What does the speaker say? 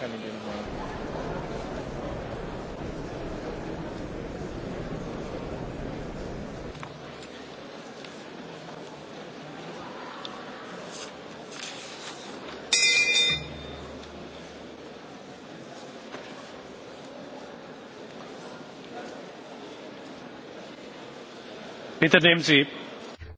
coming in now. bitte nehmen sie